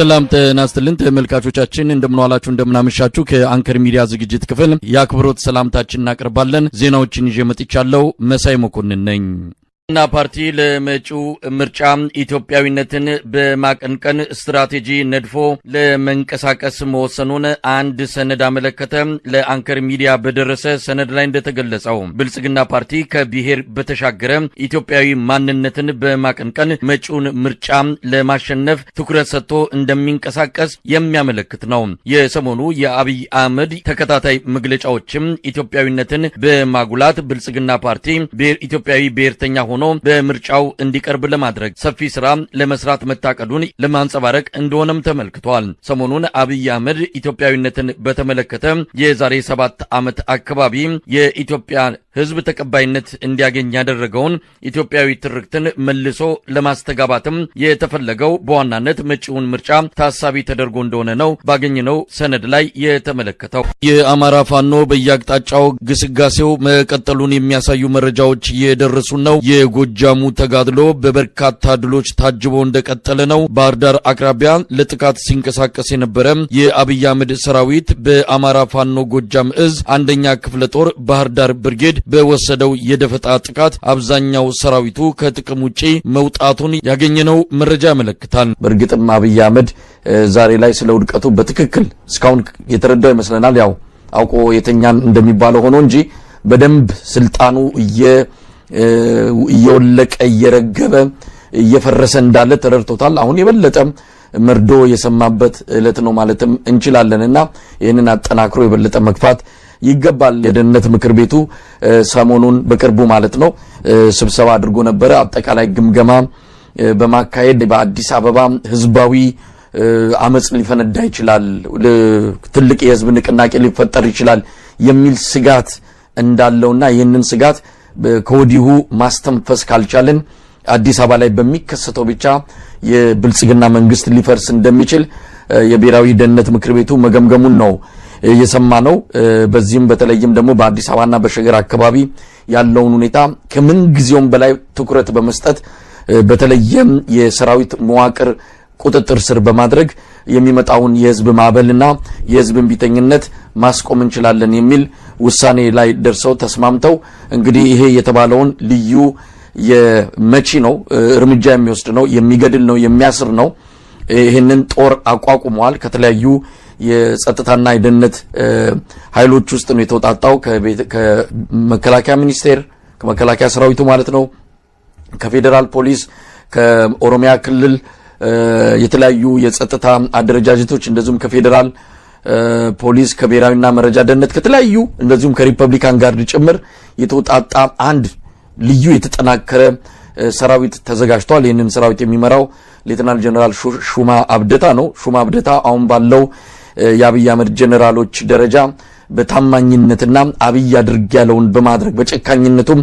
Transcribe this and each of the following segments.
ሰላም ጤና ይስጥልን ተመልካቾቻችን፣ እንደምንዋላችሁ እንደምናመሻችሁ። ከአንከር ሚዲያ ዝግጅት ክፍል የአክብሮት ሰላምታችን እናቀርባለን። ዜናዎችን ይዤ መጥቻለሁ። መሳይ መኮንን ነኝ። ና ፓርቲ ለመጪው ምርጫ ኢትዮጵያዊነትን በማቀንቀን ስትራቴጂ ነድፎ ለመንቀሳቀስ መወሰኑን አንድ ሰነድ አመለከተ። ለአንከር ሚዲያ በደረሰ ሰነድ ላይ እንደተገለጸው ብልጽግና ፓርቲ ከብሔር በተሻገረ ኢትዮጵያዊ ማንነትን በማቀንቀን መጪውን ምርጫ ለማሸነፍ ትኩረት ሰጥቶ እንደሚንቀሳቀስ የሚያመለክት ነው። የሰሞኑ የአብይ አህመድ ተከታታይ መግለጫዎችም ኢትዮጵያዊነትን በማጉላት ብልጽግና ፓርቲ ኢትዮጵያዊ ብሔርተኛ ሆኖ ሆኖ በምርጫው እንዲቀርብ ለማድረግ ሰፊ ስራ ለመስራት መታቀዱን ለማንጸባረቅ እንደሆነም ተመልክቷል። ሰሞኑን አብይ አህመድ ኢትዮጵያዊነትን በተመለከተ የዛሬ ሰባት ዓመት አካባቢ የኢትዮጵያ ህዝብ ተቀባይነት እንዲያገኝ ያደረገውን ኢትዮጵያዊ ትርክትን መልሶ ለማስተጋባትም የተፈለገው በዋናነት መጪውን ምርጫ ታሳቢ ተደርጎ እንደሆነ ነው ባገኘነው ሰነድ ላይ የተመለከተው። የአማራ ፋኖ በየአቅጣጫው ግስጋሴው መቀጠሉን የሚያሳዩ መረጃዎች እየደረሱ ነው። የጎጃሙ ተጋድሎ በበርካታ ድሎች ታጅቦ እንደቀጠለ ነው። ባህር ዳር አቅራቢያ ለጥቃት ሲንቀሳቀስ የነበረ የአብይ አህመድ ሰራዊት በአማራ ፋኖ ጎጃም እዝ አንደኛ ክፍለ ጦር ባህር ዳር ብርጌድ በወሰደው የደፈጣ ጥቃት አብዛኛው ሰራዊቱ ከጥቅም ውጪ መውጣቱን ያገኘነው መረጃ ያመለክታል። በእርግጥም አብይ አህመድ ዛሬ ላይ ስለ ውድቀቱ በትክክል እስካሁን የተረዳው ይመስለናል። ያው አውቆ የተኛን እንደሚባለው ሆኖ እንጂ በደንብ ስልጣኑ እየወለቀ እየረገበ እየፈረሰ እንዳለ ተረድቶታል። አሁን የበለጠ መርዶ የሰማበት እለት ነው ማለትም እንችላለን እና ይህንን አጠናክሮ የበለጠ መግፋት ይገባል። የደህንነት ምክር ቤቱ ሰሞኑን በቅርቡ ማለት ነው ስብሰባ አድርጎ ነበረ። አጠቃላይ ግምገማ በማካሄድ በአዲስ አበባ ህዝባዊ አመፅ ሊፈነዳ ይችላል፣ ትልቅ የህዝብ ንቅናቄ ሊፈጠር ይችላል የሚል ስጋት እንዳለውና ይህንን ስጋት ከወዲሁ ማስተንፈስ ካልቻልን አዲስ አበባ ላይ በሚከሰተው ብቻ የብልጽግና መንግስት ሊፈርስ እንደሚችል የብሔራዊ ደህንነት ምክር ቤቱ መገምገሙን ነው እየሰማ ነው። በዚህም በተለይም ደግሞ በአዲስ አበባና በሸገር አካባቢ ያለውን ሁኔታ ከምን ጊዜውም በላይ ትኩረት በመስጠት በተለየም የሰራዊት መዋቅር ቁጥጥር ስር በማድረግ የሚመጣውን የህዝብ ማዕበልና የህዝብ እምቢተኝነት ማስቆም እንችላለን የሚል ውሳኔ ላይ ደርሰው ተስማምተው እንግዲህ ይሄ የተባለውን ልዩ የመቺ ነው እርምጃ የሚወስድ ነው የሚገድል ነው የሚያስር ነው ይህንን ጦር አቋቁመዋል ከተለያዩ የጸጥታና የደህንነት ኃይሎች ውስጥ ነው የተውጣጣው። ከመከላከያ ሚኒስቴር ከመከላከያ ሰራዊቱ ማለት ነው፣ ከፌዴራል ፖሊስ፣ ከኦሮሚያ ክልል የተለያዩ የጸጥታ አደረጃጀቶች እንደዚሁም ከፌዴራል ፖሊስ ከብሔራዊና መረጃ ደህንነት ከተለያዩ እንደዚሁም ከሪፐብሊካን ጋርድ ጭምር የተውጣጣ አንድ ልዩ የተጠናከረ ሰራዊት ተዘጋጅቷል። ይህንን ሰራዊት የሚመራው ሌተናል ጀነራል ሹማ አብደታ ነው። ሹማ አብደታ አሁን ባለው የአብይ አህመድ ጀኔራሎች ደረጃ በታማኝነትና አብይ አድርግ ያለውን በማድረግ በጨካኝነቱም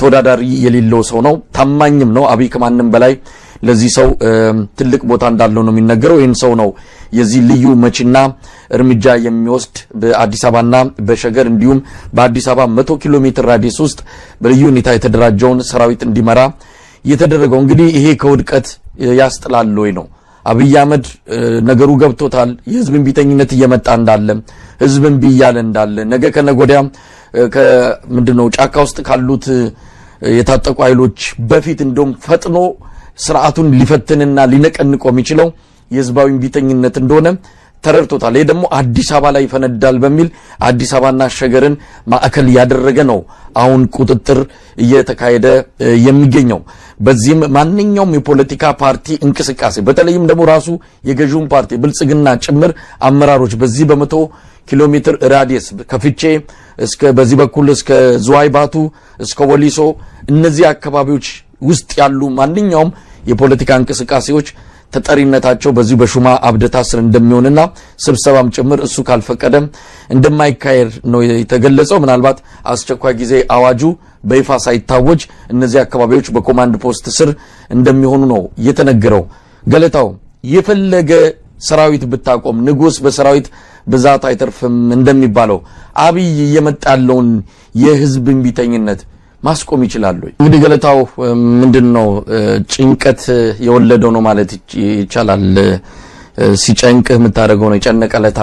ተወዳዳሪ የሌለው ሰው ነው። ታማኝም ነው። አብይ ከማንም በላይ ለዚህ ሰው ትልቅ ቦታ እንዳለው ነው የሚነገረው። ይህን ሰው ነው የዚህ ልዩ መቺና እርምጃ የሚወስድ በአዲስ አበባና በሸገር እንዲሁም በአዲስ አበባ መቶ ኪሎ ሜትር ራዲየስ ውስጥ በልዩ ሁኔታ የተደራጀውን ሰራዊት እንዲመራ የተደረገው። እንግዲህ ይሄ ከውድቀት ያስጥላል ወይ ነው አብይ አህመድ ነገሩ ገብቶታል። የህዝብን ቢተኝነት እየመጣ እንዳለ ህዝብን ቢያለ እንዳለ ነገ ከነጎዳያም ምንድነው ጫካ ውስጥ ካሉት የታጠቁ ኃይሎች በፊት እንደውም ፈጥኖ ስርዓቱን ሊፈትንና ሊነቀንቆ የሚችለው የህዝባዊን ቢተኝነት እንደሆነ ተረድቶታል። ይህ ደግሞ አዲስ አበባ ላይ ይፈነዳል በሚል አዲስ አበባና ሸገርን ማዕከል ያደረገ ነው አሁን ቁጥጥር እየተካሄደ የሚገኘው። በዚህም ማንኛውም የፖለቲካ ፓርቲ እንቅስቃሴ በተለይም ደግሞ ራሱ የገዢውን ፓርቲ ብልጽግና ጭምር አመራሮች በዚህ በመቶ ኪሎ ሜትር ራዲየስ ከፍቼ በዚህ በኩል እስከ ዝዋይ ባቱ እስከ ወሊሶ እነዚህ አካባቢዎች ውስጥ ያሉ ማንኛውም የፖለቲካ እንቅስቃሴዎች ተጠሪነታቸው በዚሁ በሹማ አብደታ ስር እንደሚሆንና ስብሰባም ጭምር እሱ ካልፈቀደም እንደማይካሄድ ነው የተገለጸው። ምናልባት አስቸኳይ ጊዜ አዋጁ በይፋ ሳይታወጅ እነዚህ አካባቢዎች በኮማንድ ፖስት ስር እንደሚሆኑ ነው የተነገረው። ገለታው የፈለገ ሰራዊት ብታቆም ንጉስ በሰራዊት ብዛት አይተርፍም እንደሚባለው አብይ እየመጣ ያለውን የህዝብ እምቢተኝነት ማስቆም ይችላሉ። እንግዲህ ገለታው ምንድን ነው? ጭንቀት የወለደው ነው ማለት ይቻላል። ሲጨንቅህ የምታደርገው ነው የጨነቀ ለታ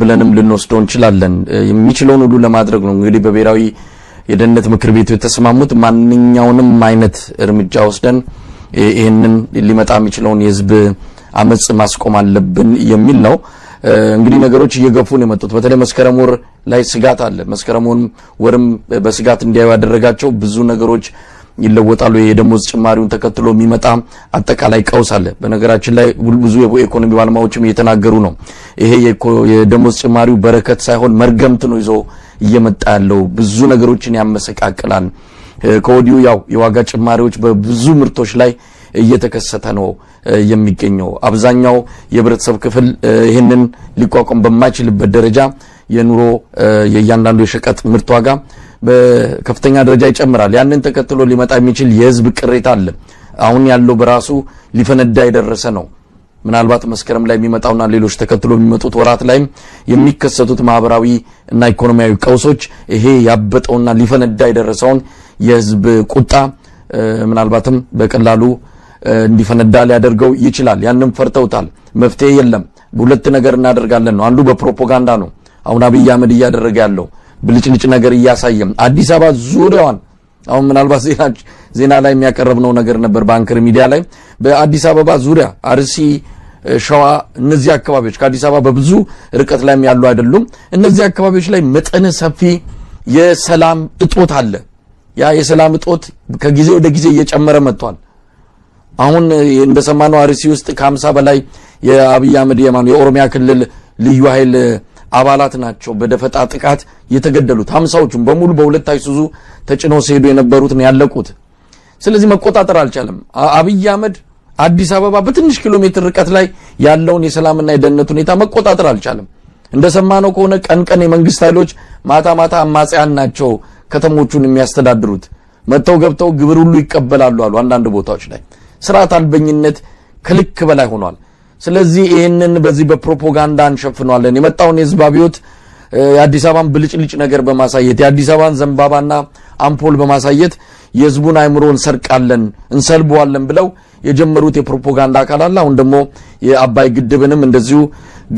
ብለንም ልንወስደው እንችላለን። የሚችለውን ሁሉ ለማድረግ ነው እንግዲህ በብሔራዊ የደህንነት ምክር ቤቱ የተስማሙት ማንኛውንም አይነት እርምጃ ወስደን ይህንን ሊመጣ የሚችለውን የህዝብ አመጽ ማስቆም አለብን የሚል ነው። እንግዲህ ነገሮች እየገፉ ነው የመጡት። በተለይ መስከረም ወር ላይ ስጋት አለ። መስከረም ወርም በስጋት እንዲያዩ ያደረጋቸው ብዙ ነገሮች ይለወጣሉ። የደሞዝ ጭማሪውን ተከትሎ የሚመጣ አጠቃላይ ቀውስ አለ። በነገራችን ላይ ብዙ የኢኮኖሚ ባለሙያዎችም እየተናገሩ ነው። ይሄ የደሞዝ ጭማሪው በረከት ሳይሆን መርገምት ነው ይዞ እየመጣ ያለው። ብዙ ነገሮችን ያመሰቃቅላል። ከወዲሁ ያው የዋጋ ጭማሪዎች በብዙ ምርቶች ላይ እየተከሰተ ነው የሚገኘው። አብዛኛው የህብረተሰብ ክፍል ይህንን ሊቋቋም በማይችልበት ደረጃ የኑሮ የእያንዳንዱ የሸቀጥ ምርት ዋጋ በከፍተኛ ደረጃ ይጨምራል። ያንን ተከትሎ ሊመጣ የሚችል የህዝብ ቅሬታ አለ። አሁን ያለው በራሱ ሊፈነዳ የደረሰ ነው። ምናልባት መስከረም ላይ የሚመጣውና ሌሎች ተከትሎ የሚመጡት ወራት ላይም የሚከሰቱት ማህበራዊ እና ኢኮኖሚያዊ ቀውሶች ይሄ ያበጠውና ሊፈነዳ የደረሰውን የህዝብ ቁጣ ምናልባትም በቀላሉ እንዲፈነዳ ሊያደርገው ይችላል። ያንም ፈርተውታል። መፍትሄ የለም። ሁለት ነገር እናደርጋለን ነው። አንዱ በፕሮፓጋንዳ ነው። አሁን አብይ አህመድ እያደረገ ያለው ብልጭልጭ ነገር እያሳየም አዲስ አበባ ዙሪያዋን አሁን ምናልባት ዜና ላይ የሚያቀረብነው ነገር ነበር በአንከር ሚዲያ ላይ በአዲስ አበባ ዙሪያ አርሲ፣ ሸዋ፣ እነዚህ አካባቢዎች ከአዲስ አበባ በብዙ ርቀት ላይም ያሉ አይደሉም። እነዚህ አካባቢዎች ላይ መጠነ ሰፊ የሰላም እጦት አለ። ያ የሰላም እጦት ከጊዜ ወደ ጊዜ እየጨመረ መጥቷል። አሁን እንደሰማነው አርሲ ውስጥ ከአምሳ በላይ የአብይ አህመድ የኦሮሚያ ክልል ልዩ ኃይል አባላት ናቸው በደፈጣ ጥቃት የተገደሉት። ሀምሳዎቹም በሙሉ በሁለት አይሱዙ ተጭነው ሲሄዱ የነበሩት ነው ያለቁት። ስለዚህ መቆጣጠር አልቻለም። አብይ አህመድ አዲስ አበባ በትንሽ ኪሎ ሜትር ርቀት ላይ ያለውን የሰላምና የደህንነት ሁኔታ መቆጣጠር አልቻለም። እንደሰማነው ከሆነ ቀን ቀን የመንግስት ኃይሎች፣ ማታ ማታ አማጽያን ናቸው ከተሞቹን የሚያስተዳድሩት። መጥተው ገብተው ግብር ሁሉ ይቀበላሉ አሉ አንዳንድ ቦታዎች ላይ ስርዓት አልበኝነት ከልክ በላይ ሆኗል። ስለዚህ ይህንን በዚህ በፕሮፓጋንዳ እንሸፍኗለን። የመጣውን የህዝብ አብዮት የአዲስ አበባን ብልጭልጭ ነገር በማሳየት የአዲስ አበባን ዘንባባና አምፖል በማሳየት የህዝቡን አእምሮ እንሰርቃለን፣ እንሰልበዋለን ብለው የጀመሩት የፕሮፓጋንዳ አካል አለ። አሁን ደግሞ የአባይ ግድብንም እንደዚሁ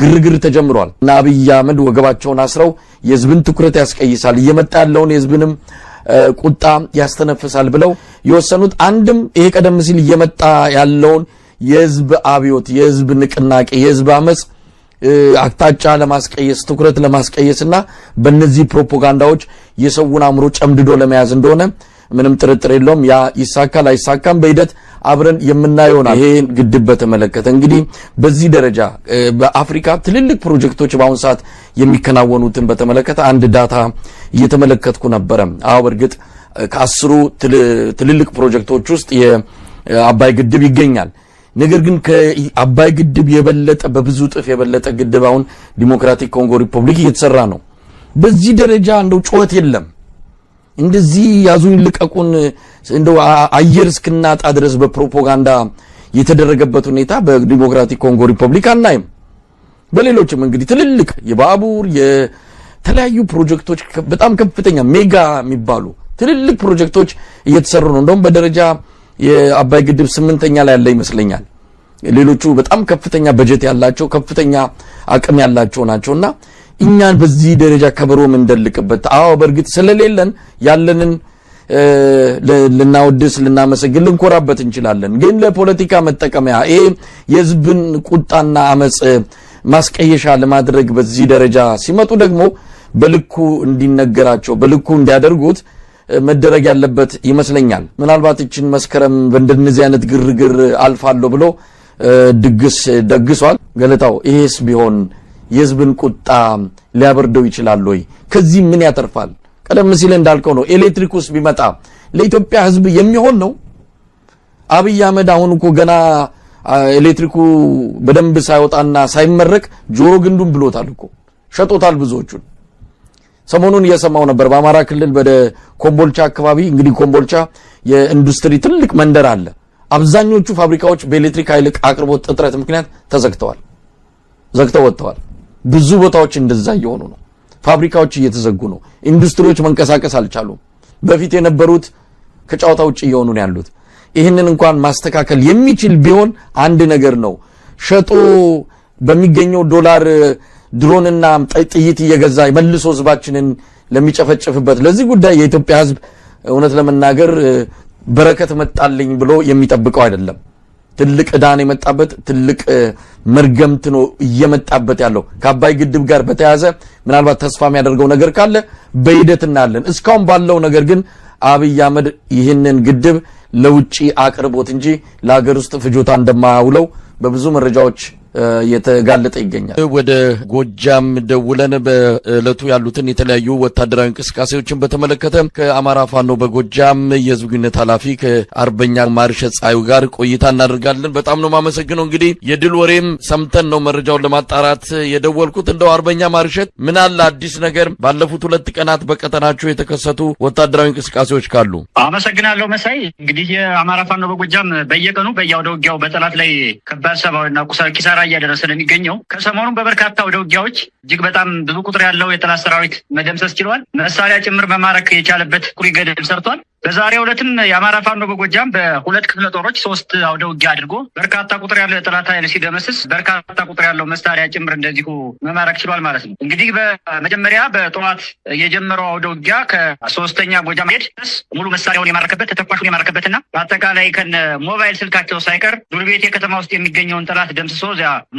ግርግር ተጀምሯል እና አብይ አህመድ ወገባቸውን አስረው የህዝብን ትኩረት ያስቀይሳል እየመጣ ያለውን የህዝብንም ቁጣ ያስተነፍሳል ብለው የወሰኑት አንድም ይሄ ቀደም ሲል እየመጣ ያለውን የህዝብ አብዮት፣ የህዝብ ንቅናቄ፣ የህዝብ አመፅ አቅጣጫ ለማስቀየስ ትኩረት ለማስቀየስና በእነዚህ ፕሮፓጋንዳዎች የሰውን አእምሮ ጨምድዶ ለመያዝ እንደሆነ ምንም ጥርጥር የለውም። ያ ይሳካል አይሳካም በሂደት አብረን የምናየው ይሄን ግድብ በተመለከተ እንግዲህ በዚህ ደረጃ በአፍሪካ ትልልቅ ፕሮጀክቶች በአሁኑ ሰዓት የሚከናወኑትን በተመለከተ አንድ ዳታ እየተመለከትኩ ነበረ። አዎ በእርግጥ ከአስሩ ትልልቅ ፕሮጀክቶች ውስጥ የአባይ ግድብ ይገኛል። ነገር ግን ከአባይ ግድብ የበለጠ በብዙ ጥፍ የበለጠ ግድብ አሁን ዲሞክራቲክ ኮንጎ ሪፐብሊክ እየተሰራ ነው። በዚህ ደረጃ እንደው ጩኸት የለም። እንደዚህ ያዙኝ ልቀቁን እንደው አየር እስክናጣ ድረስ በፕሮፓጋንዳ የተደረገበት ሁኔታ በዲሞክራቲክ ኮንጎ ሪፐብሊክ አናይም። በሌሎችም እንግዲህ ትልልቅ የባቡር የተለያዩ ፕሮጀክቶች በጣም ከፍተኛ ሜጋ የሚባሉ ትልልቅ ፕሮጀክቶች እየተሰሩ ነው። እንደውም በደረጃ የአባይ ግድብ ስምንተኛ ላይ ያለ ይመስለኛል። ሌሎቹ በጣም ከፍተኛ በጀት ያላቸው ከፍተኛ አቅም ያላቸው ናቸውና እኛን በዚህ ደረጃ ከበሮ የምንደልቅበት አዎ በእርግጥ ስለሌለን ያለንን ልናወድስ ልናመሰግን ልንኮራበት እንችላለን። ግን ለፖለቲካ መጠቀሚያ ይሄ የህዝብን ቁጣና አመፅ ማስቀየሻ ለማድረግ በዚህ ደረጃ ሲመጡ ደግሞ በልኩ እንዲነገራቸው በልኩ እንዲያደርጉት መደረግ ያለበት ይመስለኛል። ምናልባት ይችን መስከረም በእንደነዚህ አይነት ግርግር አልፋለሁ ብሎ ድግስ ደግሷል። ገለታው ይሄስ ቢሆን የህዝብን ቁጣ ሊያበርደው ይችላል ወይ? ከዚህ ምን ያተርፋል? ቀደም ሲል እንዳልከው ነው። ኤሌክትሪክ ውስጥ ቢመጣ ለኢትዮጵያ ህዝብ የሚሆን ነው። አብይ አህመድ አሁን እኮ ገና ኤሌክትሪኩ በደንብ ሳይወጣና ሳይመረቅ ጆሮ ግንዱን ብሎታል እኮ ሸጦታል። ብዙዎቹን ሰሞኑን እየሰማው ነበር። በአማራ ክልል ወደ ኮምቦልቻ አካባቢ እንግዲህ ኮምቦልቻ የኢንዱስትሪ ትልቅ መንደር አለ። አብዛኞቹ ፋብሪካዎች በኤሌክትሪክ ኃይል አቅርቦት እጥረት ምክንያት ተዘግተዋል፣ ዘግተው ወጥተዋል። ብዙ ቦታዎች እንደዛ እየሆኑ ነው። ፋብሪካዎች እየተዘጉ ነው። ኢንዱስትሪዎች መንቀሳቀስ አልቻሉም። በፊት የነበሩት ከጨዋታ ውጭ እየሆኑ ነው ያሉት። ይህንን እንኳን ማስተካከል የሚችል ቢሆን አንድ ነገር ነው። ሸጦ በሚገኘው ዶላር ድሮንና ጥይት እየገዛ መልሶ ህዝባችንን ለሚጨፈጭፍበት ለዚህ ጉዳይ የኢትዮጵያ ህዝብ እውነት ለመናገር በረከት መጣልኝ ብሎ የሚጠብቀው አይደለም። ትልቅ ዕዳን የመጣበት ትልቅ መርገምት ነው እየመጣበት ያለው። ከአባይ ግድብ ጋር በተያያዘ ምናልባት ተስፋ የሚያደርገው ነገር ካለ በሂደት እናያለን። እስካሁን ባለው ነገር ግን አብይ አህመድ ይህንን ግድብ ለውጭ አቅርቦት እንጂ ለሀገር ውስጥ ፍጆታ እንደማያውለው በብዙ መረጃዎች እየተጋለጠ ይገኛል። ወደ ጎጃም ደውለን በእለቱ ያሉትን የተለያዩ ወታደራዊ እንቅስቃሴዎችን በተመለከተ ከአማራ ፋኖ በጎጃም የህዝብ ግንኙነት ኃላፊ ከአርበኛ ማርሸ ጻዩ ጋር ቆይታ እናደርጋለን። በጣም ነው ማመሰግነው። እንግዲህ የድል ወሬም ሰምተን ነው መረጃውን ለማጣራት የደወልኩት። እንደው አርበኛ ማርሸት ምን አለ አዲስ ነገር ባለፉት ሁለት ቀናት በቀጠናቸው የተከሰቱ ወታደራዊ እንቅስቃሴዎች ካሉ? አመሰግናለሁ መሳይ። እንግዲህ የአማራ ፋኖ በጎጃም በየቀኑ በየአውደ ውጊያው በጠላት ላይ ከባድ ሰብአዊና ቁሳዊ ኪሳራ ኪሳራ እያደረሰ ነው የሚገኘው። ከሰሞኑን በበርካታ ወደ ውጊያዎች እጅግ በጣም ብዙ ቁጥር ያለው የጠላት ሰራዊት መደምሰስ ችሏል። መሳሪያ ጭምር መማረክ የቻለበት ቁሪ ገደብ ሰርቷል። በዛሬ ሁለትም የአማራ ፋኖ በጎጃም በሁለት ክፍለ ጦሮች ሶስት አውደ ውጊያ አድርጎ በርካታ ቁጥር ያለው የጠላት ኃይል ሲደመስስ በርካታ ቁጥር ያለው መሳሪያ ጭምር እንደዚሁ መማረክ ችሏል ማለት ነው። እንግዲህ በመጀመሪያ በጠዋት የጀመረው አውደ ውጊያ ከሶስተኛ ጎጃም ሄድ ሙሉ መሳሪያውን የማረከበት ተተኳሹን የማረከበትና በአጠቃላይ ከነ ሞባይል ስልካቸው ሳይቀር ዱርቤቴ ከተማ ውስጥ የሚገኘውን ጠላት ደምስሶ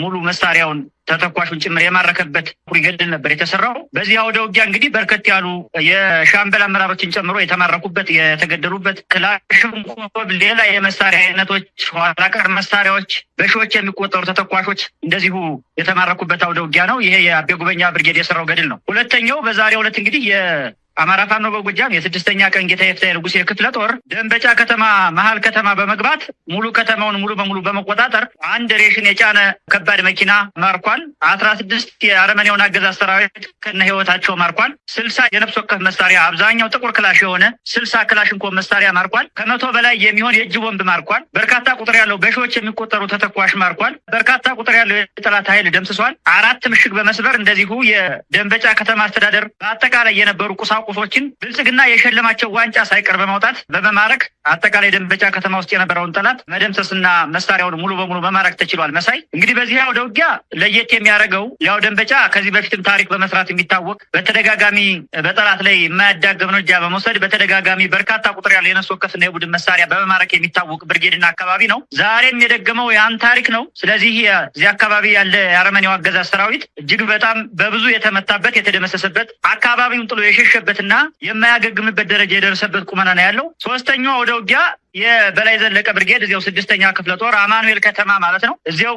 ሙሉ መሳሪያውን ተተኳሹን ጭምር የማረከበት ይገድል ነበር የተሰራው። በዚህ አውደ ውጊያ እንግዲህ በርከት ያሉ የሻምበል አመራሮችን ጨምሮ የተማረኩበት የተገደሉበት፣ ክላሽንኮቭ፣ ሌላ የመሳሪያ አይነቶች፣ ኋላቀር መሳሪያዎች፣ በሺዎች የሚቆጠሩ ተተኳሾች እንደዚሁ የተማረኩበት አውደ ውጊያ ነው። ይሄ የአቤ ጉበኛ ብርጌድ የሰራው ገድል ነው። ሁለተኛው በዛሬው ዕለት እንግዲህ አማራ ፋኖ በጎጃም የስድስተኛ ቀን ጌታ የፍታ ንጉሴ ክፍለ ጦር ደንበጫ ከተማ መሀል ከተማ በመግባት ሙሉ ከተማውን ሙሉ በሙሉ በመቆጣጠር አንድ ሬሽን የጫነ ከባድ መኪና ማርኳል። አስራ ስድስት የአረመኔውን አገዛዝ ሰራዊት ከነ ህይወታቸው ማርኳል። ስልሳ የነፍስ ወከፍ መሳሪያ አብዛኛው ጥቁር ክላሽ የሆነ ስልሳ ክላሽንኮ መሳሪያ ማርኳል። ከመቶ በላይ የሚሆን የእጅ ቦምብ ማርኳል። በርካታ ቁጥር ያለው በሺዎች የሚቆጠሩ ተተኳሽ ማርኳል። በርካታ ቁጥር ያለው የጠላት ኃይል ደምስሷል። አራት ምሽግ በመስበር እንደዚሁ የደንበጫ ከተማ አስተዳደር በአጠቃላይ የነበሩ ቁሳ ቁሳቁሶችን ብልጽግና የሸለማቸው ዋንጫ ሳይቀር በማውጣት በመማረክ አጠቃላይ ደንበጫ ከተማ ውስጥ የነበረውን ጠላት መደምሰስና መሳሪያውን ሙሉ በሙሉ መማረክ ተችሏል። መሳይ እንግዲህ በዚህ አውደ ውጊያ ለየት የሚያደርገው ያው ደንበጫ ከዚህ በፊትም ታሪክ በመስራት የሚታወቅ በተደጋጋሚ በጠላት ላይ የማያዳግም እርምጃ በመውሰድ በተደጋጋሚ በርካታ ቁጥር ያለ የነፍስ ወከፍና የቡድን መሳሪያ በመማረክ የሚታወቅ ብርጌድና አካባቢ ነው። ዛሬም የደገመው ያን ታሪክ ነው። ስለዚህ እዚህ አካባቢ ያለ የአረመኔው አገዛዝ ሰራዊት እጅግ በጣም በብዙ የተመታበት የተደመሰሰበት አካባቢውን ጥሎ የሸሸበት የደረሰበትና የማያገግምበት ደረጃ የደረሰበት ቁመና ነው ያለው። ሶስተኛዋ ወደ ውጊያ የበላይ ዘለቀ ብርጌድ እዚያው ስድስተኛ ክፍለ ጦር አማኑኤል ከተማ ማለት ነው። እዚያው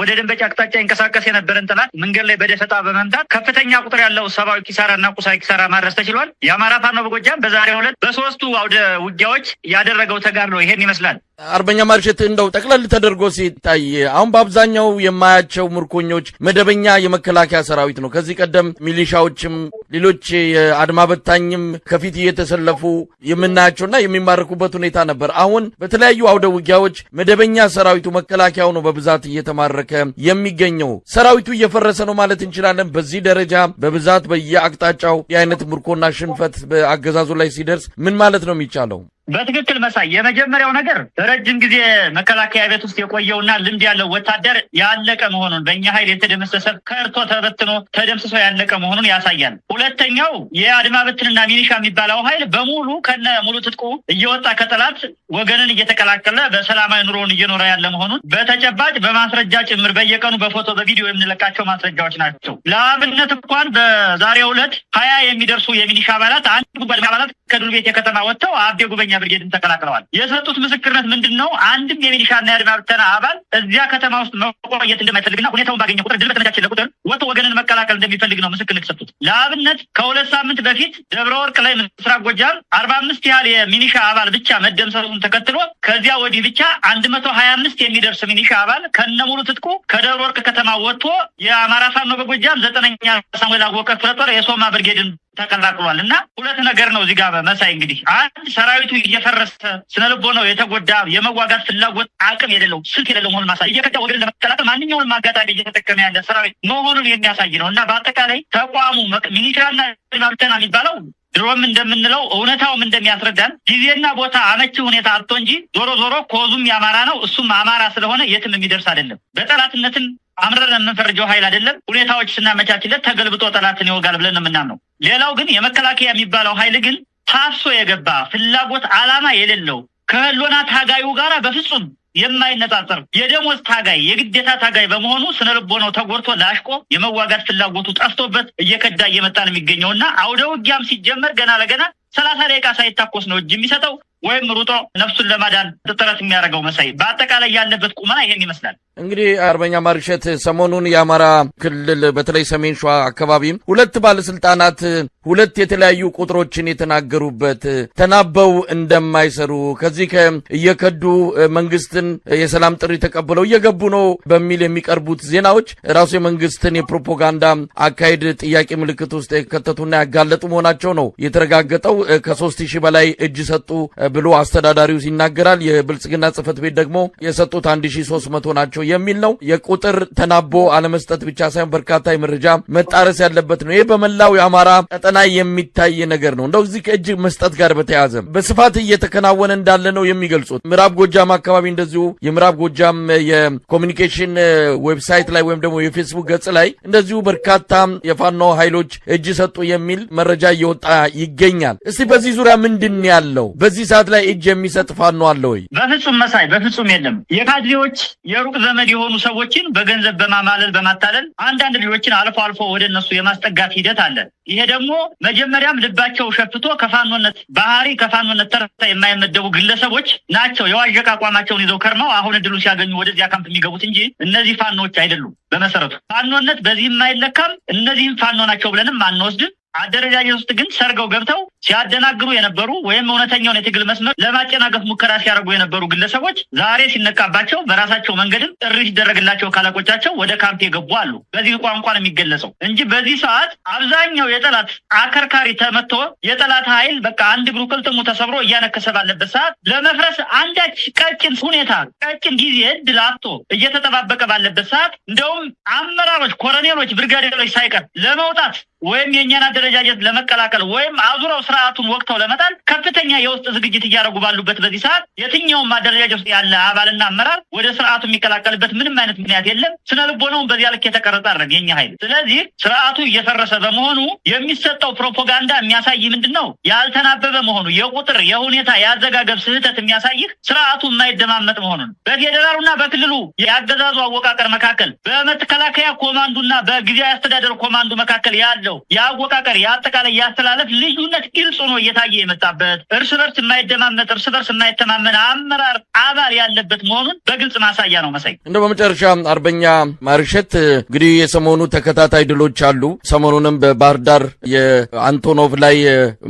ወደ ደንበጫ አቅጣጫ ይንቀሳቀስ የነበረን ጠላት መንገድ ላይ በደፈጣ በመምታት ከፍተኛ ቁጥር ያለው ሰብአዊ ኪሳራ እና ቁሳዊ ኪሳራ ማድረስ ተችሏል። የአማራ ፋኖ በጎጃም በዛሬ ሁለት በሶስቱ አውደ ውጊያዎች ያደረገው ነው ይሄን ይመስላል። አርበኛ ማርሸት እንደው ጠቅለል ተደርጎ ሲታይ አሁን በአብዛኛው የማያቸው ምርኮኞች መደበኛ የመከላከያ ሰራዊት ነው። ከዚህ ቀደም ሚሊሻዎችም ሌሎች የአድማ በታኝም ከፊት እየተሰለፉ የምናያቸውና የሚማረኩበት ሁኔታ ነበር። ነበር። አሁን በተለያዩ አውደ ውጊያዎች መደበኛ ሰራዊቱ መከላከያው ነው በብዛት እየተማረከ የሚገኘው። ሰራዊቱ እየፈረሰ ነው ማለት እንችላለን። በዚህ ደረጃ በብዛት በየአቅጣጫው የአይነት ምርኮና ሽንፈት በአገዛዙ ላይ ሲደርስ ምን ማለት ነው የሚቻለው? በትክክል መሳይ፣ የመጀመሪያው ነገር ረጅም ጊዜ መከላከያ ቤት ውስጥ የቆየውና ልምድ ያለው ወታደር ያለቀ መሆኑን በእኛ ኃይል የተደመሰሰ ከርቶ ተበትኖ ተደምስሶ ያለቀ መሆኑን ያሳያል። ሁለተኛው የአድማ ሚኒሻ የሚባለው ኃይል በሙሉ ከነ ሙሉ ትጥቁ እየወጣ ከጠላት ወገንን እየተቀላቀለ በሰላማዊ ኑሮውን እየኖረ ያለ መሆኑን በተጨባጭ በማስረጃ ጭምር በየቀኑ በፎቶ በቪዲዮ የምንለቃቸው ማስረጃዎች ናቸው። ለአብነት እንኳን በዛሬው ዕለት ሀያ የሚደርሱ የሚኒሻ አባላት አንድ ጉባኤ አባላት ከዱር ቤት የከተማ ወጥተው አቤ ጉበኛ ብርጌድን ተቀላቅለዋል። የሰጡት ምስክርነት ምንድን ነው? አንድም የሚሊሻና የአድማ ብተና አባል እዚያ ከተማ ውስጥ መቆየት እንደማይፈልግና ሁኔታውን ባገኘ ቁጥር ድል በተመቻቸለ ቁጥር ወጥቶ ወገንን መቀላቀል እንደሚፈልግ ነው ምስክርነት የሰጡት። ለአብነት ከሁለት ሳምንት በፊት ደብረ ወርቅ ላይ ምስራቅ ጎጃም አርባ አምስት ያህል የሚኒሻ አባል ብቻ መደምሰሱን ተከትሎ ከዚያ ወዲህ ብቻ አንድ መቶ ሀያ አምስት የሚደርስ ሚኒሻ አባል ከነሙሉ ትጥቁ ከደብረ ወርቅ ከተማ ወጥቶ የአማራ ፋኖ በጎጃም ዘጠነኛ ሳሙኤል አወቀ ክፍለ ጦር የሶማ ብርጌድን ተቀላቅሏል እና ሁለት ነገር ነው እዚህ ጋር መሳይ እንግዲህ አንድ ሰራዊቱ እየፈረሰ ስነልቦ ነው የተጎዳ የመዋጋት ፍላጎት አቅም የሌለው ስልት የሌለው መሆኑን ማሳይ እየከዳ ወደ ለመከላከል ማንኛውንም አጋጣሚ እየተጠቀመ ያለ ሰራዊት መሆኑን የሚያሳይ ነው እና በአጠቃላይ ተቋሙ ሚኒሻና ማብተና የሚባለው ድሮም እንደምንለው እውነታውም እንደሚያስረዳን ጊዜና ቦታ አመቺ ሁኔታ አጥቶ እንጂ ዞሮ ዞሮ ኮዙም ያማራ ነው። እሱም አማራ ስለሆነ የትም የሚደርስ አይደለም። በጠላትነትም አምረን የምንፈርጀው ኃይል አይደለም። ሁኔታዎች ስናመቻችለት ተገልብጦ ጠላትን ይወጋል ብለን የምናምነው። ሌላው ግን የመከላከያ የሚባለው ኃይል ግን ታፍሶ የገባ ፍላጎት፣ አላማ የሌለው ከህሎና ታጋዩ ጋር በፍጹም የማይነጻጸር የደሞዝ ታጋይ የግዴታ ታጋይ በመሆኑ ስነልቦናው ተጎድቶ ላሽቆ የመዋጋት ፍላጎቱ ጠፍቶበት እየከዳ እየመጣ ነው የሚገኘውና አውደ ውጊያም ሲጀመር ገና ለገና ሰላሳ ደቂቃ ሳይታኮስ ነው እጅ የሚሰጠው። ወይም ሩጦ ነፍሱን ለማዳን ጥረት የሚያደርገው መሳይ በአጠቃላይ ያለበት ቁመና ይሄን ይመስላል። እንግዲህ አርበኛ ማርሸት ሰሞኑን የአማራ ክልል በተለይ ሰሜን ሸዋ አካባቢም ሁለት ባለስልጣናት ሁለት የተለያዩ ቁጥሮችን የተናገሩበት ተናበው እንደማይሰሩ ከዚህ እየከዱ መንግስትን የሰላም ጥሪ ተቀብለው እየገቡ ነው በሚል የሚቀርቡት ዜናዎች ራሱ የመንግስትን የፕሮፓጋንዳ አካሄድ ጥያቄ ምልክት ውስጥ የከተቱና ያጋለጡ መሆናቸው ነው የተረጋገጠው። ከሶስት ሺህ በላይ እጅ ሰጡ ብሎ አስተዳዳሪው ይናገራል። የብልጽግና ጽህፈት ቤት ደግሞ የሰጡት 1300 ናቸው የሚል ነው። የቁጥር ተናቦ አለመስጠት ብቻ ሳይሆን በርካታ የመረጃ መጣረስ ያለበት ነው። ይህ በመላው የአማራ ቀጠና የሚታይ ነገር ነው። እንደው እዚህ ከእጅ መስጠት ጋር በተያያዘ በስፋት እየተከናወነ እንዳለ ነው የሚገልጹት። ምዕራብ ጎጃም አካባቢ እንደዚሁ የምዕራብ ጎጃም የኮሚኒኬሽን ዌብሳይት ላይ ወይም ደግሞ የፌስቡክ ገጽ ላይ እንደዚሁ በርካታ የፋኖ ኃይሎች እጅ ሰጡ የሚል መረጃ እየወጣ ይገኛል። እስቲ በዚህ ዙሪያ ምንድን ያለው በዚህ ጉዳት ላይ እጅ የሚሰጥ ፋኖ አለ ወይ? በፍጹም መሳይ፣ በፍጹም የለም። የካድሬዎች የሩቅ ዘመድ የሆኑ ሰዎችን በገንዘብ በማማለል በማታለል አንዳንድ ልጆችን አልፎ አልፎ ወደ እነሱ የማስጠጋት ሂደት አለ። ይሄ ደግሞ መጀመሪያም ልባቸው ሸፍቶ ከፋኖነት ባህሪ ከፋኖነት ተርታ የማይመደቡ ግለሰቦች ናቸው የዋዠቅ አቋማቸውን ይዘው ከርመው አሁን እድሉ ሲያገኙ ወደዚያ ካምፕ የሚገቡት እንጂ እነዚህ ፋኖዎች አይደሉም። በመሰረቱ ፋኖነት በዚህም አይለካም። እነዚህም ፋኖ ናቸው ብለንም አንወስድም። አደረጃጀት ውስጥ ግን ሰርገው ገብተው ሲያደናግሩ የነበሩ ወይም እውነተኛውን የትግል መስመር ለማጨናገፍ ሙከራ ሲያደርጉ የነበሩ ግለሰቦች ዛሬ ሲነቃባቸው በራሳቸው መንገድም ጥሪ ሲደረግላቸው ካለቆቻቸው ወደ ካምፕ የገቡ አሉ። በዚህ ቋንቋ ነው የሚገለጸው እንጂ በዚህ ሰዓት አብዛኛው የጠላት አከርካሪ ተመቶ የጠላት ኃይል በቃ አንድ እግሩ ቅልጥሙ ተሰብሮ እያነከሰ ባለበት ሰዓት ለመፍረስ አንዳች ቀጭን ሁኔታ ቀጭን ጊዜ እድል አጥቶ እየተጠባበቀ ባለበት ሰዓት እንደውም አመራሮች፣ ኮረኔሎች ብርጋዴሮች ሳይቀር ለመውጣት ወይም የእኛን አደረጃጀት ለመቀላቀል ወይም አዙረው ስርዓቱን ወቅተው ለመጣል ከፍተኛ የውስጥ ዝግጅት እያደረጉ ባሉበት በዚህ ሰዓት የትኛውም ማደረጃጀት ውስጥ ያለ አባልና አመራር ወደ ስርዓቱ የሚቀላቀልበት ምንም አይነት ምክንያት የለም። ስነ ልቦናውን በዚያ ልክ የተቀረጸ አይደለም የኛ ኃይል። ስለዚህ ስርዓቱ እየፈረሰ በመሆኑ የሚሰጠው ፕሮፓጋንዳ የሚያሳይ ምንድን ነው? ያልተናበበ መሆኑ የቁጥር የሁኔታ የአዘጋገብ ስህተት የሚያሳይህ ስርዓቱ የማይደማመጥ መሆኑን በፌዴራሉና በክልሉ የአገዛዙ አወቃቀር መካከል በመከላከያ ኮማንዶና በጊዜያዊ አስተዳደር ኮማንዶ መካከል ያለው የአወቃቀር የአጠቃላይ የአስተላለፍ ልዩነት ቂም እየታየ የመጣበት እርስ በርስ የማይደማመጥ እርስ በርስ የማይተማመን አመራር አባል ያለበት መሆኑን በግልጽ ማሳያ ነው። መሳይ እንደ በመጨረሻ አርበኛ ማርሸት እንግዲህ የሰሞኑ ተከታታይ ድሎች አሉ። ሰሞኑንም በባህር ዳር የአንቶኖቭ ላይ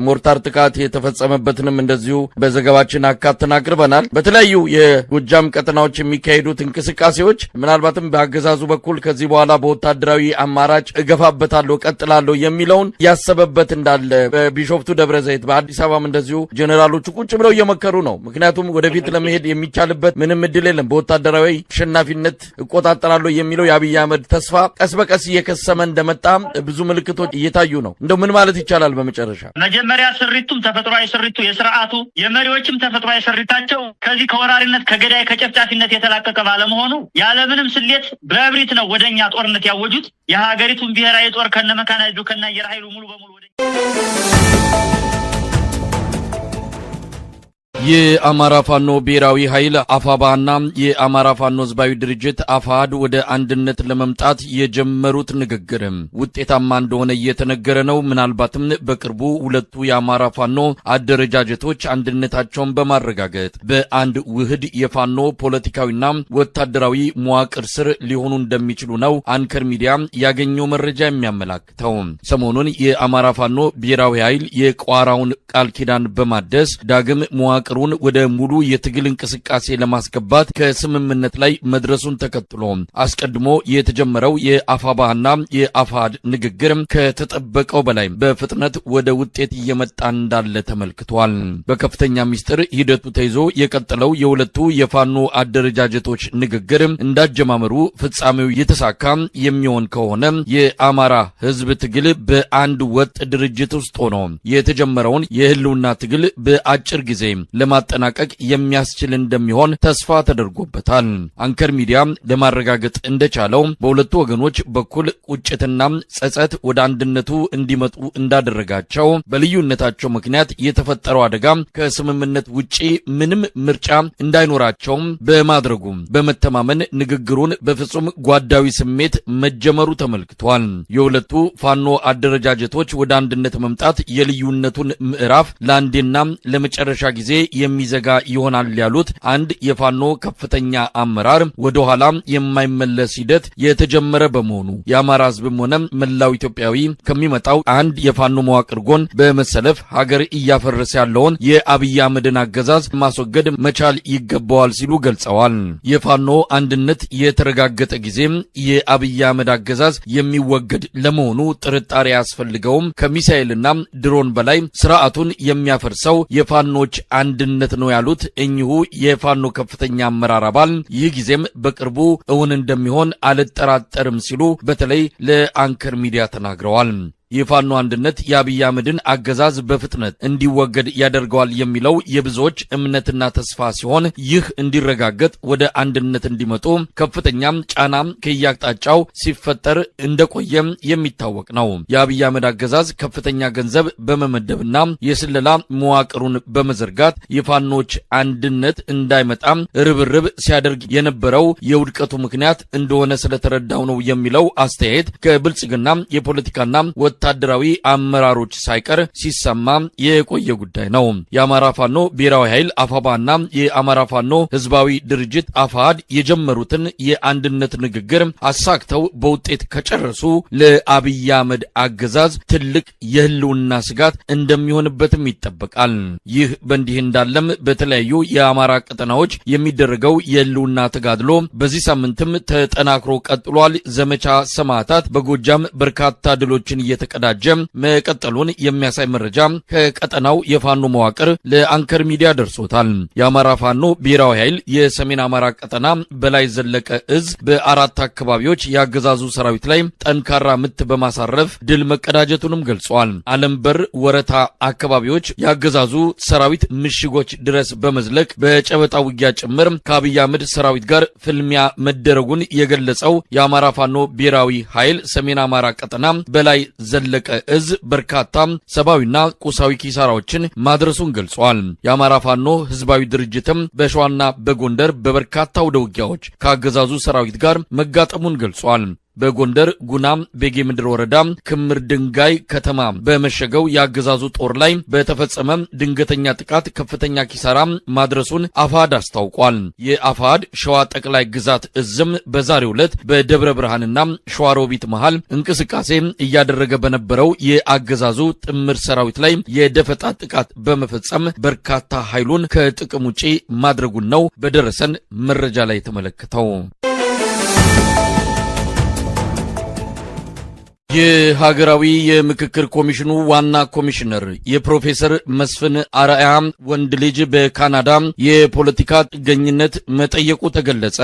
ሞርታር ጥቃት የተፈጸመበትንም እንደዚሁ በዘገባችን አካትን አቅርበናል። በተለያዩ የጎጃም ቀጠናዎች የሚካሄዱት እንቅስቃሴዎች ምናልባትም በአገዛዙ በኩል ከዚህ በኋላ በወታደራዊ አማራጭ እገፋበታለሁ፣ ቀጥላለሁ የሚለውን ያሰበበት እንዳለ በቢሾፍቱ ደብረ ዘይት፣ በአዲስ አበባም እንደዚሁ ጀኔራሎቹ ቁጭ ብለው እየመከሩ ነው። ምክንያቱም ወደፊት ለመሄድ የሚቻልበት ምንም እድል የለም። በወታደራዊ አሸናፊነት እቆጣጠራለሁ የሚለው የአብይ አህመድ ተስፋ ቀስ በቀስ እየከሰመ እንደመጣ ብዙ ምልክቶች እየታዩ ነው። እንደው ምን ማለት ይቻላል? በመጨረሻ መጀመሪያ ስሪቱም ተፈጥሯዊ ስሪቱ የስርዓቱ የመሪዎችም ተፈጥሯዊ ስሪታቸው ከዚህ ከወራሪነት ከገዳይ ከጨፍጫፊነት የተላቀቀ ባለመሆኑ ያለምንም ስሌት በእብሪት ነው ወደኛ ጦርነት ያወጁት የሀገሪቱን ብሔራዊ ጦር ከነ ከነ አየር ኃይሉ ሙሉ በሙሉ ወደ የአማራ ፋኖ ብሔራዊ ኃይል አፋባና የአማራ ፋኖ ህዝባዊ ድርጅት አፋድ ወደ አንድነት ለመምጣት የጀመሩት ንግግር ውጤታማ እንደሆነ እየተነገረ ነው። ምናልባትም በቅርቡ ሁለቱ የአማራ ፋኖ አደረጃጀቶች አንድነታቸውን በማረጋገጥ በአንድ ውህድ የፋኖ ፖለቲካዊና ወታደራዊ መዋቅር ስር ሊሆኑ እንደሚችሉ ነው አንከር ሚዲያ ያገኘው መረጃ የሚያመላክተው። ሰሞኑን የአማራ ፋኖ ብሔራዊ ኃይል የቋራውን ቃል ኪዳን በማደስ ዳግም መዋቅር መዋቅሩን ወደ ሙሉ የትግል እንቅስቃሴ ለማስገባት ከስምምነት ላይ መድረሱን ተከትሎ አስቀድሞ የተጀመረው የአፋባህና የአፋድ ንግግር ከተጠበቀው በላይ በፍጥነት ወደ ውጤት እየመጣ እንዳለ ተመልክቷል። በከፍተኛ ሚስጥር ሂደቱ ተይዞ የቀጠለው የሁለቱ የፋኖ አደረጃጀቶች ንግግር እንዳጀማመሩ ፍጻሜው የተሳካ የሚሆን ከሆነ የአማራ ሕዝብ ትግል በአንድ ወጥ ድርጅት ውስጥ ሆኖ የተጀመረውን የህልውና ትግል በአጭር ጊዜ ለማጠናቀቅ የሚያስችል እንደሚሆን ተስፋ ተደርጎበታል። አንከር ሚዲያ ለማረጋገጥ እንደቻለው በሁለቱ ወገኖች በኩል ቁጭትና ጸጸት ወደ አንድነቱ እንዲመጡ እንዳደረጋቸው በልዩነታቸው ምክንያት የተፈጠረው አደጋ ከስምምነት ውጪ ምንም ምርጫ እንዳይኖራቸውም በማድረጉ በመተማመን ንግግሩን በፍጹም ጓዳዊ ስሜት መጀመሩ ተመልክቷል። የሁለቱ ፋኖ አደረጃጀቶች ወደ አንድነት መምጣት የልዩነቱን ምዕራፍ ለአንዴና ለመጨረሻ ጊዜ የሚዘጋ ይሆናል ያሉት አንድ የፋኖ ከፍተኛ አመራር ወደ ኋላ የማይመለስ ሂደት የተጀመረ በመሆኑ የአማራ ህዝብም ሆነ መላው ኢትዮጵያዊ ከሚመጣው አንድ የፋኖ መዋቅር ጎን በመሰለፍ ሀገር እያፈረሰ ያለውን የአብይ አህመድን አገዛዝ ማስወገድ መቻል ይገባዋል ሲሉ ገልጸዋል። የፋኖ አንድነት የተረጋገጠ ጊዜም የአብይ አህመድ አገዛዝ የሚወገድ ለመሆኑ ጥርጣሬ አያስፈልገውም። ከሚሳኤልና ድሮን በላይ ስርዓቱን የሚያፈርሰው የፋኖች አንድ አንድነት ነው ያሉት እኚሁ የፋኖ ከፍተኛ አመራር አባል ይህ ጊዜም በቅርቡ እውን እንደሚሆን አልጠራጠርም ሲሉ በተለይ ለአንከር ሚዲያ ተናግረዋል። የፋኖ አንድነት የአብይ አህመድን አገዛዝ በፍጥነት እንዲወገድ ያደርገዋል የሚለው የብዙዎች እምነትና ተስፋ ሲሆን ይህ እንዲረጋገጥ ወደ አንድነት እንዲመጡ ከፍተኛም ጫናም ከየአቅጣጫው ሲፈጠር እንደቆየም የሚታወቅ ነው። የአብይ አህመድ አገዛዝ ከፍተኛ ገንዘብ በመመደብና የስለላ መዋቅሩን በመዘርጋት የፋኖች አንድነት እንዳይመጣም ርብርብ ሲያደርግ የነበረው የውድቀቱ ምክንያት እንደሆነ ስለተረዳው ነው የሚለው አስተያየት ከብልጽግና የፖለቲካና ወ ወታደራዊ አመራሮች ሳይቀር ሲሰማ የቆየ ጉዳይ ነው። የአማራ ፋኖ ብሔራዊ ኃይል አፋባና የአማራ ፋኖ ህዝባዊ ድርጅት አፋሃድ የጀመሩትን የአንድነት ንግግር አሳክተው በውጤት ከጨረሱ ለአብይ አህመድ አገዛዝ ትልቅ የህልውና ስጋት እንደሚሆንበትም ይጠበቃል። ይህ በእንዲህ እንዳለም በተለያዩ የአማራ ቀጠናዎች የሚደረገው የህልውና ተጋድሎ በዚህ ሳምንትም ተጠናክሮ ቀጥሏል። ዘመቻ ሰማዕታት በጎጃም በርካታ ድሎችን እየተ እየተቀዳጀ መቀጠሉን የሚያሳይ መረጃ ከቀጠናው የፋኖ መዋቅር ለአንከር ሚዲያ ደርሶታል። የአማራ ፋኖ ብሔራዊ ኃይል የሰሜን አማራ ቀጠና በላይ ዘለቀ እዝ በአራት አካባቢዎች የአገዛዙ ሰራዊት ላይ ጠንካራ ምት በማሳረፍ ድል መቀዳጀቱንም ገልጿል። አለምበር ወረታ አካባቢዎች የአገዛዙ ሰራዊት ምሽጎች ድረስ በመዝለቅ በጨበጣ ውጊያ ጭምር ከአብይ አህመድ ሰራዊት ጋር ፍልሚያ መደረጉን የገለጸው የአማራ ፋኖ ብሔራዊ ኃይል ሰሜን አማራ ቀጠና በላይ የዘለቀ እዝ በርካታ ሰብአዊና ቁሳዊ ኪሳራዎችን ማድረሱን ገልጿል። የአማራ ፋኖ ህዝባዊ ድርጅትም በሸዋና በጎንደር በበርካታ አውደ ውጊያዎች ከአገዛዙ ሰራዊት ጋር መጋጠሙን ገልጿል። በጎንደር ጉናም ቤጌ ምድር ወረዳ ክምር ድንጋይ ከተማ በመሸገው የአገዛዙ ጦር ላይ በተፈጸመ ድንገተኛ ጥቃት ከፍተኛ ኪሳራ ማድረሱን አፋድ አስታውቋል። የአፋድ ሸዋ ጠቅላይ ግዛት እዝም በዛሬው ዕለት በደብረ ብርሃንና ሸዋሮቢት መሃል እንቅስቃሴ እያደረገ በነበረው የአገዛዙ ጥምር ሰራዊት ላይ የደፈጣ ጥቃት በመፈጸም በርካታ ኃይሉን ከጥቅም ውጪ ማድረጉን ነው በደረሰን መረጃ ላይ የተመለከተው። የሀገራዊ የምክክር ኮሚሽኑ ዋና ኮሚሽነር የፕሮፌሰር መስፍን አርአያ ወንድ ልጅ በካናዳ የፖለቲካ ጥገኝነት መጠየቁ ተገለጸ።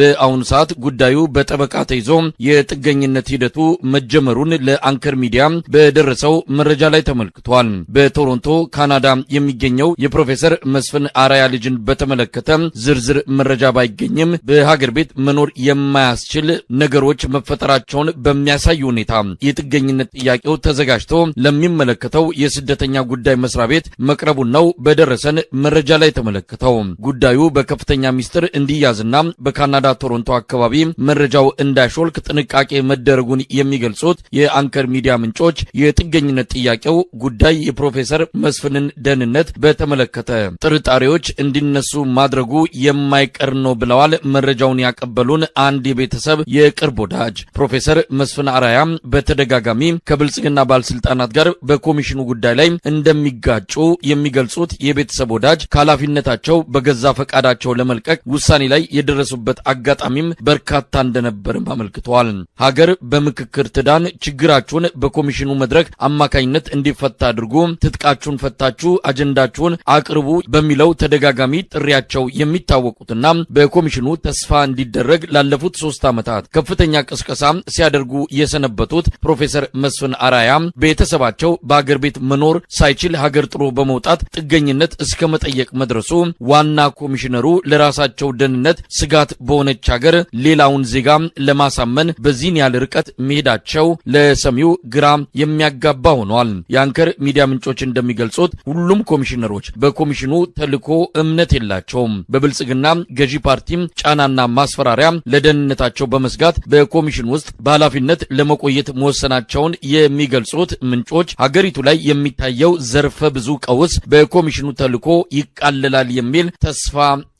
በአሁኑ ሰዓት ጉዳዩ በጠበቃ ተይዞ የጥገኝነት ሂደቱ መጀመሩን ለአንከር ሚዲያ በደረሰው መረጃ ላይ ተመልክቷል። በቶሮንቶ ካናዳ የሚገኘው የፕሮፌሰር መስፍን አርአያ ልጅን በተመለከተ ዝርዝር መረጃ ባይገኝም በሀገር ቤት መኖር የማያስችል ነገሮች መፈጠራቸውን በሚያሳይ ሁኔታ የጥገኝነት ጥያቄው ተዘጋጅቶ ለሚመለከተው የስደተኛ ጉዳይ መስሪያ ቤት መቅረቡን ነው በደረሰን መረጃ ላይ ተመለከተው። ጉዳዩ በከፍተኛ ሚስጥር እንዲያዝና በካናዳ ቶሮንቶ አካባቢ መረጃው እንዳይሾልክ ጥንቃቄ መደረጉን የሚገልጹት የአንከር ሚዲያ ምንጮች የጥገኝነት ጥያቄው ጉዳይ የፕሮፌሰር መስፍንን ደህንነት በተመለከተ ጥርጣሬዎች እንዲነሱ ማድረጉ የማይቀር ነው ብለዋል። መረጃውን ያቀበሉን አንድ የቤተሰብ የቅርብ ወዳጅ ፕሮፌሰር መስፍን አራያም በ በተደጋጋሚ ከብልጽግና ባለስልጣናት ጋር በኮሚሽኑ ጉዳይ ላይ እንደሚጋጩ የሚገልጹት የቤተሰብ ወዳጅ ከኃላፊነታቸው በገዛ ፈቃዳቸው ለመልቀቅ ውሳኔ ላይ የደረሱበት አጋጣሚም በርካታ እንደነበርም አመልክተዋል። ሀገር በምክክር ትዳን፣ ችግራችሁን በኮሚሽኑ መድረክ አማካኝነት እንዲፈታ አድርጉ፣ ትጥቃችሁን ፈታችሁ አጀንዳችሁን አቅርቡ በሚለው ተደጋጋሚ ጥሪያቸው የሚታወቁትና በኮሚሽኑ ተስፋ እንዲደረግ ላለፉት ሶስት ዓመታት ከፍተኛ ቅስቀሳ ሲያደርጉ የሰነበቱት ፕሮፌሰር መስፍን አራያ ቤተሰባቸው በአገር ቤት መኖር ሳይችል ሀገር ጥሎ በመውጣት ጥገኝነት እስከ መጠየቅ መድረሱ ዋና ኮሚሽነሩ ለራሳቸው ደህንነት ስጋት በሆነች ሀገር ሌላውን ዜጋ ለማሳመን በዚህን ያህል ርቀት መሄዳቸው ለሰሚው ግራ የሚያጋባ ሆኗል። የአንከር ሚዲያ ምንጮች እንደሚገልጹት ሁሉም ኮሚሽነሮች በኮሚሽኑ ተልኮ እምነት የላቸውም። በብልጽግና ገዢ ፓርቲም ጫናና ማስፈራሪያ ለደህንነታቸው በመስጋት በኮሚሽን ውስጥ በኃላፊነት ለመቆየት መወሰናቸውን የሚገልጹት ምንጮች ሀገሪቱ ላይ የሚታየው ዘርፈ ብዙ ቀውስ በኮሚሽኑ ተልዕኮ ይቃለላል የሚል ተስፋ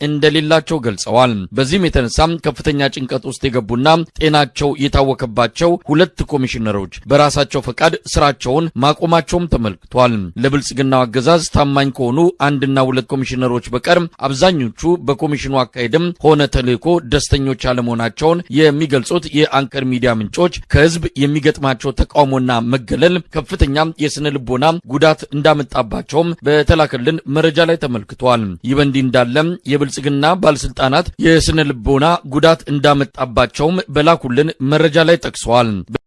እንደሌላቸው ገልጸዋል። በዚህም የተነሳ ከፍተኛ ጭንቀት ውስጥ የገቡና ጤናቸው የታወከባቸው ሁለት ኮሚሽነሮች በራሳቸው ፈቃድ ስራቸውን ማቆማቸውም ተመልክቷል። ለብልጽግናው አገዛዝ ታማኝ ከሆኑ አንድና ሁለት ኮሚሽነሮች በቀር አብዛኞቹ በኮሚሽኑ አካሄድም ሆነ ተልዕኮ ደስተኞች አለመሆናቸውን የሚገልጹት የአንከር ሚዲያ ምንጮች ከህዝብ የሚገ የሚገጥማቸው ተቃውሞና መገለል ከፍተኛ የስነ ልቦና ጉዳት እንዳመጣባቸውም በተላከልን መረጃ ላይ ተመልክቷል። ይህ በእንዲህ እንዳለ የብልጽግና ባለስልጣናት የስነ ልቦና ጉዳት እንዳመጣባቸውም በላኩልን መረጃ ላይ ጠቅሰዋል።